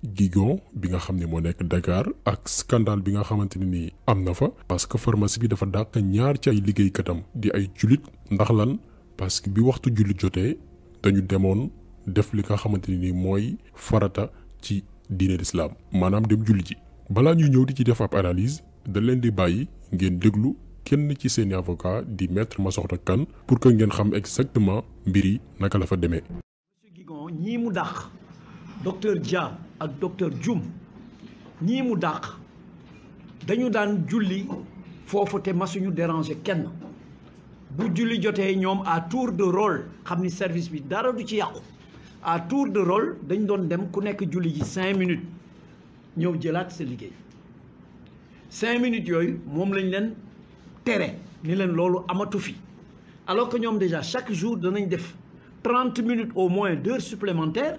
Gigon, bi nga xam mo nek Dakar ak scandale bi nga xamanteni ni amna fa parce que pharmacie bi dafa dak ñaar ci ay katam di ay julit ndax lan parce que bi waxtu julit joté dañu démon def li nga xamanteni ni moy farata ci diine l'islam manam dem julit ji bala ñu ñëw di ci def ab analyse deglu, leen di bayyi ngeen déglu kenn ci seen avocat di maître Massokhna kan pour que ngeen xam exactement mbiri naka la fa démé mu docteur Dia ak docteur Dioum ñi mu dàq dañu daan julli té te ñu déranger kenn bu julli joté ñom à tour de rôle xamni service bi dara du ci yaqku à tour de rôle dañ doon dem ku nekk julli ji 5 minutes ñew jëlaat sa liggéey 5 minutes yoy mom lañ leen téré ni leen lolu amatu fi alors que ñom déjà chaque jour danañ def 30 minutes au moins d'heures supplémentaires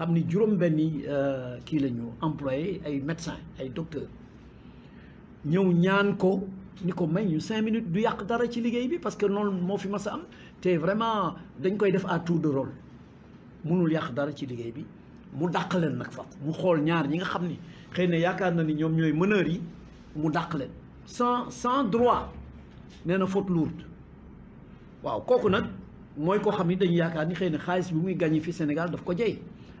xam ni juróom-benni euh, kii la ñu employé ay médecins ay docteurs ñëw ñaan ko ni ko may ñu cinq minutes du yàq dara ci liggéey bi parce que noonu moo fi ma sa am te vraiment dañ koy def à tour de rôle mënul yàq dara ci liggéey bi mu dàq leen nag fa mu xool ñaar ñi nga xam ni xëy na yaakaar na ni ñoom ñooy meneurs yi mu dàq leen sans cent droit nee na faute lourde waaw kooku nag mooy koo xam ni dañu yaakaar ni xëy ne xaalis bi muy gàññi fi Sénégal daf ko jey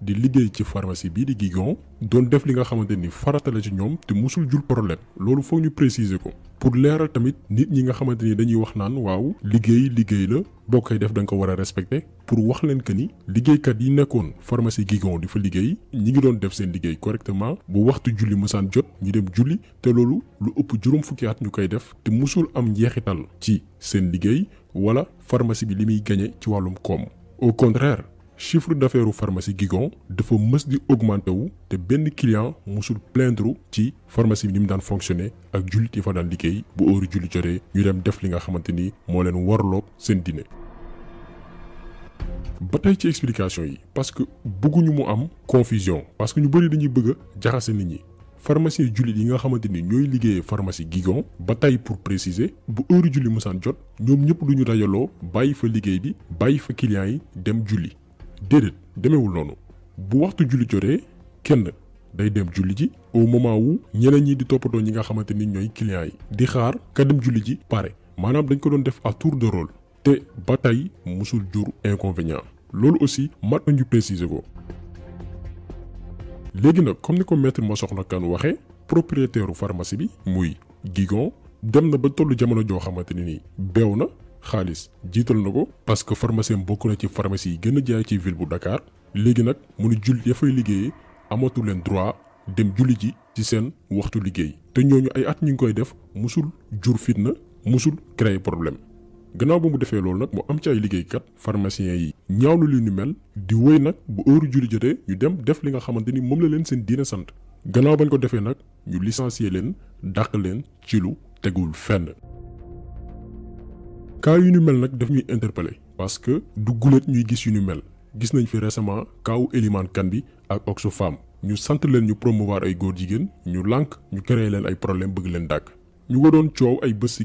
di liggéey ci pharmacie bi di Guigon doon def li nga xamante ni farata la ci ñoom te musul jul problème loolu foog ñu préciser ko pour leeral tamit nit ñi nga xamante ni dañuy wax naan waaw liggéey liggéey la boo koy def da nga ko war a respecté pour wax leen que ni liggéeykat yi nekkoon pharmacie Guigon di fa liggéey ñi ngi doon def seen liggéey correctement bu waxtu julli mësaan jot ñu dem julli te loolu lu ëpp juróom fukki at ñu koy def te musul am njeexital ci seen liggéey wala pharmacie bi li muy gagné ci wàllum koom au contraire chiffre d'affaires pharmacie Gigon dafa mës di augmenter wu te ben client musul plaindre ci pharmacie bi ni mu daan fonctionné ak julit yi fa dan liggéey bu heure julli jotee ñu dem def li nga xamanteni mo moo leen warloog seen dîner. ba tay ci explication yi parce que bëgguñu mu am confusion parce que ñu bëri dañuy bëgg jaxassé nit ñi. pharmacie julit yi nga xamanteni ñoy ñooy pharmacie Gigon ba tay pour préciser bu heure julli musaan jot ñom ñep duñu dajaloo bàyyi fa liggéey bi bàyyi fa client yi dem julli déedéet demeewul noonu bu waxtu julli jotee kenn day dem julli ji au moment wu ñeneen ñi di toppatoo ñi nga xamante ni ñooy clients yi di xaar ka dem julli ji pare maanaam dañ ko doon def à tour de role te ba tey musul jur inconvénient loolu aussi mat nañu préciser ko. léegi nag comme ni ko mettre maître soxna Kane waxee propriétaire pharmacie bi muy Guigon dem na ba tollu jamono joo xamante ni nii beew na. xaalis jiital na ko parce que pharmacien bokk na ci pharmacie yi gën a jaay ci ville bu Dakar léegi nag mu ni jullit ya fay liggéeyee amatu leen droit dem julli ji ci seen waxtu liggéey te ñooñu ay at ñu ngi koy def musul jur fitna mosul créer problème gannaaw ba mu defee loolu nag mu am ci ay liggéeykat pharmaciens yi ñaawlu li ñu mel di woy nag bu heure julli jotee ñu dem def li nga xamante ni moom la leen seen diine sant gannaaw bañ ko defee nag ñu licencier leen dàq leen ci tegul fenn cas yu ñu mel daf ñuy interpeller parce que du guléet ñuy gis yu ñu mel gis nañ fi récemment kaawu Elimane Kandi ak Oxfam ñu nous leen ñu promouvoir ay goor Nous ñu lank ñu créer leen ay problème bëgg leen dag ñu ciow ay ci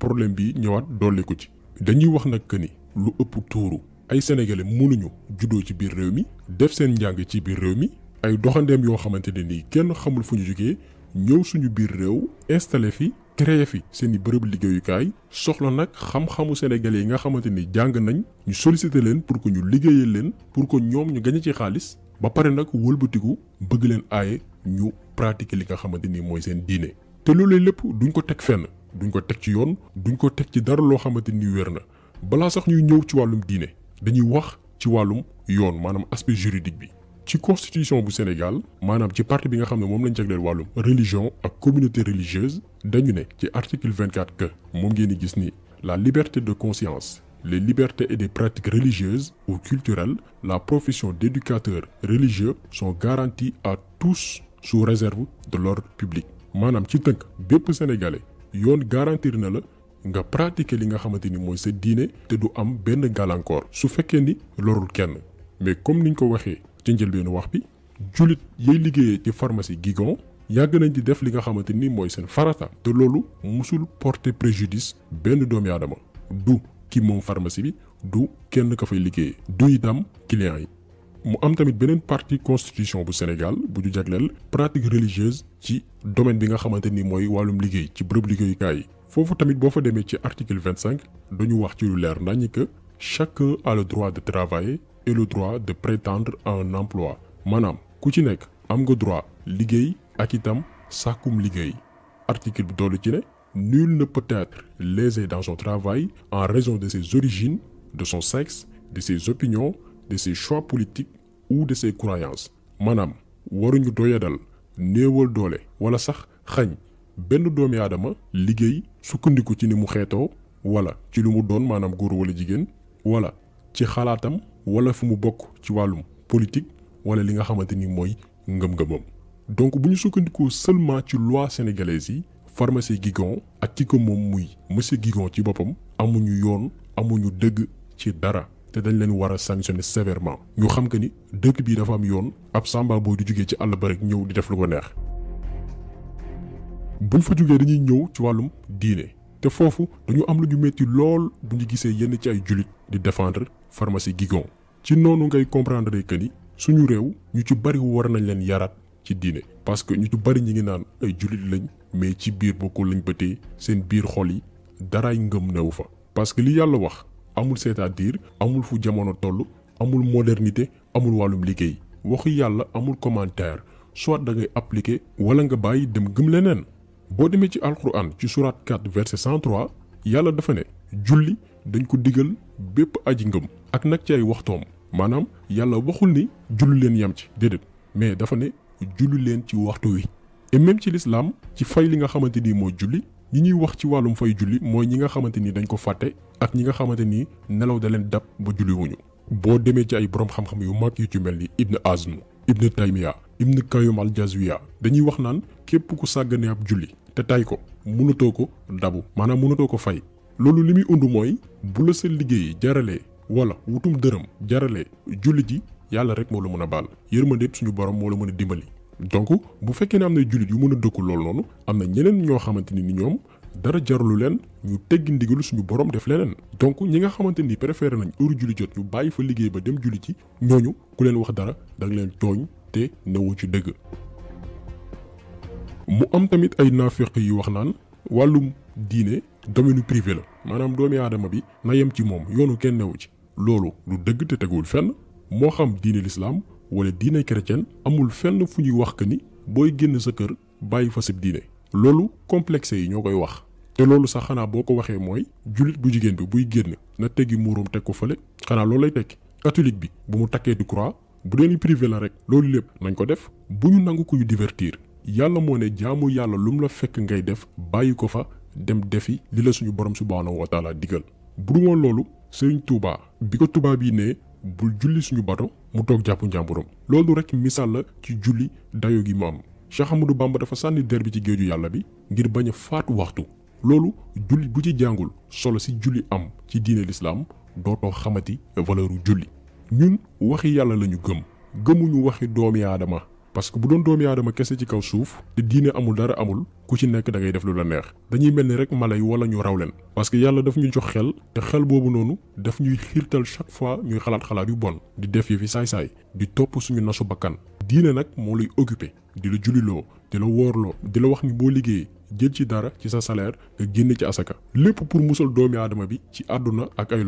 problème bi ñëwaat ko ci dañuy wax que ni lu ëpp ay sénégalais mënuñu nous. ci biir réew def seen njang ci biir réew ay doxandem ne kenn xamul suñu biir installé fi créé fi seen i bërëb liggéeyukaay soxla nag xam-xamu sénégalais yi nga xamante ni jàng nañ ñu sollicité leen pour que ñu liggéeyal leen pour que ñoom ñu gañe ci xaalis ba pare nag wëlbatiku bëgg leen aaye ñu pratiquer li nga xamante ni mooy seen diine te loolu lépp duñ ko teg fenn duñ ko teg ci yoon duñ ko teg ci dara loo xamante ni wér na balaa sax ñuy ñëw ci wàllum diine dañuy wax ci wàllum yoon maanaam aspect juridique bi ci constitution bu Sénégal maanaam ci parti bi nga xam ne moom lañ jagleel wàllum religion ak communauté religieuse dañu ne ci article 24 que moom ngeen gis ni la liberté de conscience les libertés et des pratiques religieuses ou culturelles la profession d'éducateur religieux sont garanties à tous sous réserve de l'ordre public maanaam ci tënk bépp sénégalais yoon garantir na la nga pratiquer li nga xamante ni mooy sa diine te du am benn gàllankoor su fekkee ni lorul kenn mais comme niñ ko waxee ci njëlbeenu wax bi julit yay liggéeyee ci pharmacie gigon yàgg nañ di def li nga xamante ni mooy seen farata te loolu musul porter préjudice benn doomi aadama du ki moom pharmacie bi du kenn ka fay liggéeyee du itam client yi mu am tamit beneen partie constitution bu Sénégal bu ñu jagleel pratique religieuse ci domaine bi nga xamante ni mooy wàllum liggéey ci bërëb liggéeyukaay yi foofu tamit boo fa demee ci article 25. dañu wax ci lu leer nañu que chacun a le droit de travailler et le droit de prétendre à un emploi Manam, ku ci nekk am nga droit ak itam article bi nul ne peut être lésé dans son travail en raison de ses origines de son sexe de ses opinions de ses choix politiques ou de ses croyances Manam, waruñu doyadal Newol Dole, wala sax xañ benn doomi aadama liggéey sukkandiku ci ni mu xeetoo wala ci lu mu doon maanaam góor wala jigéen wala wala fu mu bokk ci wàllum politique wala li nga xamante ni mooy ngëm-ngëmam donc bu ñu sukkandikoo seulement ci loi sénégalaise yi pharmacie gigon ak ki ko moom muy monsieur gigon ci boppam amuñu yoon amuñu dëgg ci dara te dañ leen war a sanctionner sévèrement ñu xam que ni dëkk bii dafa am yoon ab samba boy du jugee ci àll ba rek ñëw di def lu ko neex bu fa jugee dañuy ñëw ci wàllum diine te foofu dañu am lu ñu metti lool bu ñu gisee yenn ci ay julit di défendre pharmacie gigon ci nonu ngay comprendre que ni suñu rew ñu ci bari war nañ leen yarat ci diiné parce que ñu ci bari ñi ngi naan ay julit lañ mais ci biir bokku lañ bëté seen biir xol yi ay ngeum neew fa parce que li yalla wax amul c'est à dire amul fu jamono tollu amul modernité amul walum liggéey waxu yalla amul commentaire soit da ngay appliquer wala nga bayyi dem gëm leneen bo demé ci alcorane ci surat 4 verset 103 yalla dafa né julli dañ ko diggal bép aji ngëm ak nak ci ay waxtom maanaam yàlla waxul ni julli leen yam ci déedéet mais dafa ne julli leen ci waxtu wi et même ci lislaam ci fay li nga xamante ni moo julli ñi ñuy wax ci wàllum fay julli mooy ñi nga xamante ni dañ ko fàtte ak ñi nga xamante ni nelaw da leen dab ba julli wuñu boo demee ci ay borom xam-xam yu mag yu ci mel ni Ibn Azm Ibn Taymiya Ibn Qayyim al-Jazwiya dañuy wax naan képp ku sàgganee ab julli te tay ko mënatoo ko dabu maanaam mënatoo ko fay loolu li muy undu mooy bu jaralee wala wutum dërëm jarale julli ji yàlla rek moo la mën a baal yërmandeeb suñu borom moo la mën a dimbali. donc bu fekkee ne am na jullit yu mën a dëkku loolu noonu am na ñeneen ñoo xamante ni ñoom dara jaralu leen ñu teggi ndigalu suñu borom def leneen donc ñi nga xamante ni préféré nañ heure julli jot ñu bàyyi fa liggéey ba dem julli ci ñooñu ku leen wax dara da leen tooñ te newoo ci dëgg. mu am tamit ay naafeq yu wax naan wàllum diine domaine privé la maanaam doomi aadama bi na yem ci moom yoonu kenn newu ci. loolu lu dëgg te teguwul fenn moo xam diine lislaam wala diine chrétienne amul fenn fu ñuy wax que ni booy génn sa kër bàyyi fa set diine loolu complexe yi ñoo koy wax te loolu sax xanaa boo ko waxee mooy jullit bu jigéen bi buy génn na teggi muuroom teg ko fële xanaa loolu lay tekki catholique bi bu mu takkee di croix bu dee ni privé la rek loolu lépp nañ ko def bu ñu nangu ko ñu divertir yàlla moo ne jaamu yàlla lu mu la fekk ngay def bàyyi ko fa dem defi li la suñu borom subhaanahu wa taala digal bu du sëriñ Touba bi ko tubaab yi ne bul julli suñu bato mu toog jàpp njàmburam loolu rek misaal la ci julli dayo gi mu am Cheikh Amadou Bamba dafa sànni der bi ci géeju yàlla bi ngir bañ a faatu waxtu loolu julli bu ci jàngul solo si julli am ci diine lislaam dootoo xamati valeuru julli ñun waxi yàlla lañu gëm gëmuñu waxi doomi aadama parce que bu doon doomi aadama kese ci kaw suuf te diine amul dara amul ku ci nekk dangay def lu la neex dañuy mel ni rek mala yi wala ñu raw leen parce que yàlla daf ñu jox xel te xel boobu noonu daf ñuy xiirtal chaque fois ñuy xalaat xalaat yu bon di def yi fi saay-saay di topp suñu nasu bakkan diine nag moo lay occupé di la juliloo di la woorloo di la wax ni boo liggéey jël ci dara ci sa salaire nga génne ci asaka lépp pour musal doomi aadama bi ci àdduna ak ay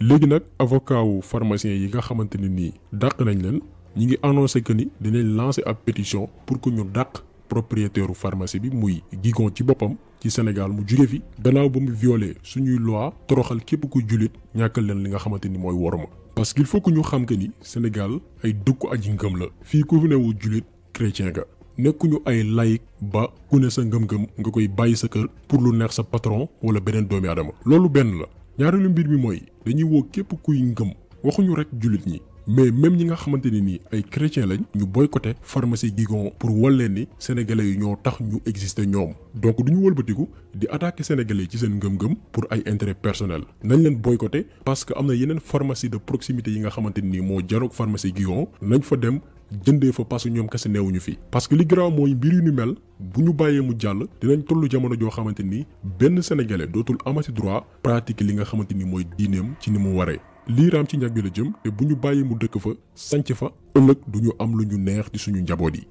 léegi nag avocat wu pharmacien yi nga xamante ni nii dàq nañ leen ñi ngi annoncé que ni dinañ lancer ab pétition pour que ñu dàq propriétaire pharmacie bi muy gigon ci boppam ci Sénégal mu jóge fi gannaaw ba mu violé suñuy loi toroxal képp ku julit ñàkkal leen li nga xamante ni mooy worma parce qu'il faut que ñu xam que ni Sénégal ay dëkku aji ngëm la fii ku fi newu julit chrétien ga nekkuñu ay laïc ba ku ne sa ngëm-ngëm nga koy bàyyi sa kër pour lu neex sa patron wala beneen doomi aadama loolu benn la ñaareelu mbir mi mooy dañuy woo képp kuy ngëm waxuñu rek jullit ñi mais même ñi nga xamante ni nii ay chrétien lañ ñu boycotté pharmacie Guigon pour walleen ni sénégalais yi ñoo tax ñu existé ñoom donc du ñu wëlbatiku di attaqué sénégalais ci seen ngëm-ngëm pour ay intérêt personnel nañ leen boycotté parce que am na yeneen pharmacie de proximité yi nga xamante nii moo jaroog pharmacie Guigon nañ fa dem jëndee fa parce que ñoom kese neewuñu fi parce que li garaaw mooy mbir yu ni mel bu ñu bàyyee mu jàll dinañ tollu jamono joo xamante ni benn sénégalais dootul amati droit pratique li nga xamante ni mooy diineem ci ni mu waree. lii raam ci njàgg la jëm te bu ñu bàyyee mu dëkk fa sanc fa ëllëg du ñu am lu ñu neex ci suñu njaboot yi.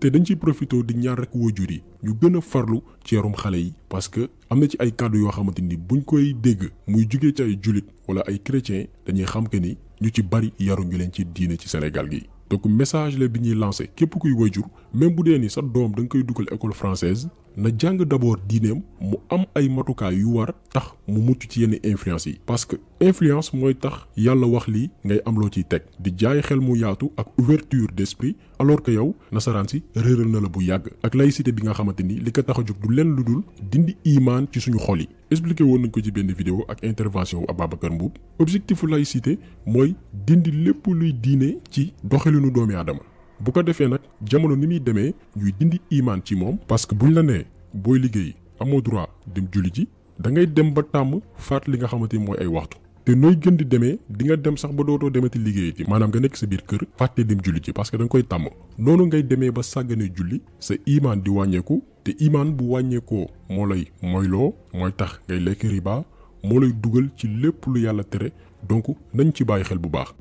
te dañ ciy profité di ñaar rek waajur yi ñu gën a farlu ci yarum xale yi parce que am na ci ay kàddu yoo xamante ni buñ koy dégg muy jugee ci ay wala ay chrétien dañuy xam ni. ñu ci bari yaruñu leen ci diine ci Sénégal gi donc message la bi ñuy lancé képp kuy wayjur même bu ni sa dom dang koy école française na jang d'abord dinem mu am ay matukaay yu war tax mu ci yene influence parce que influence moy tax Yalla wax li ngay am lo ci tek di jaay xel mu ak ouverture d'esprit alors que yow nasaraan si na la bu yag ak laïcité bi nga xamanteni dindi iman ci suñu xol yi expliqué nañ ko ci benn vidéo ak intervention wu Ababacar Mboup objectif laïcité moy dindi lepp luy diine ci doxalinu doomi bu ko defee nag jamono ni muy demee ñuy dindi imaan ci moom parce que buñ la nee booy liggéey amoo droit dem julli ji da ngay dem ba tàmm faat li nga xamante ni mooy ay waxtu te nooy gën di demee di nga dem sax ba dootoo demati liggéey ji maanaam nga nekk sa biir kër fàtte dem julli ji parce que da nga koy tàmm noonu ngay demee ba sàggane julli sa imaan di wàññeeku te imaan bu wàññeekoo moo lay moyloo mooy tax ngay lekk riba moo lay dugal ci lépp lu yàlla tere donc nañ ci bàyyi xel bu baax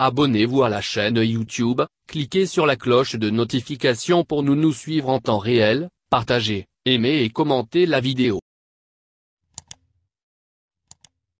Abonnez-vous à la chaîne YouTube, cliquez sur la cloche de notification pour nous nous suivre en temps réel, partagez, aimez et commentez la vidéo.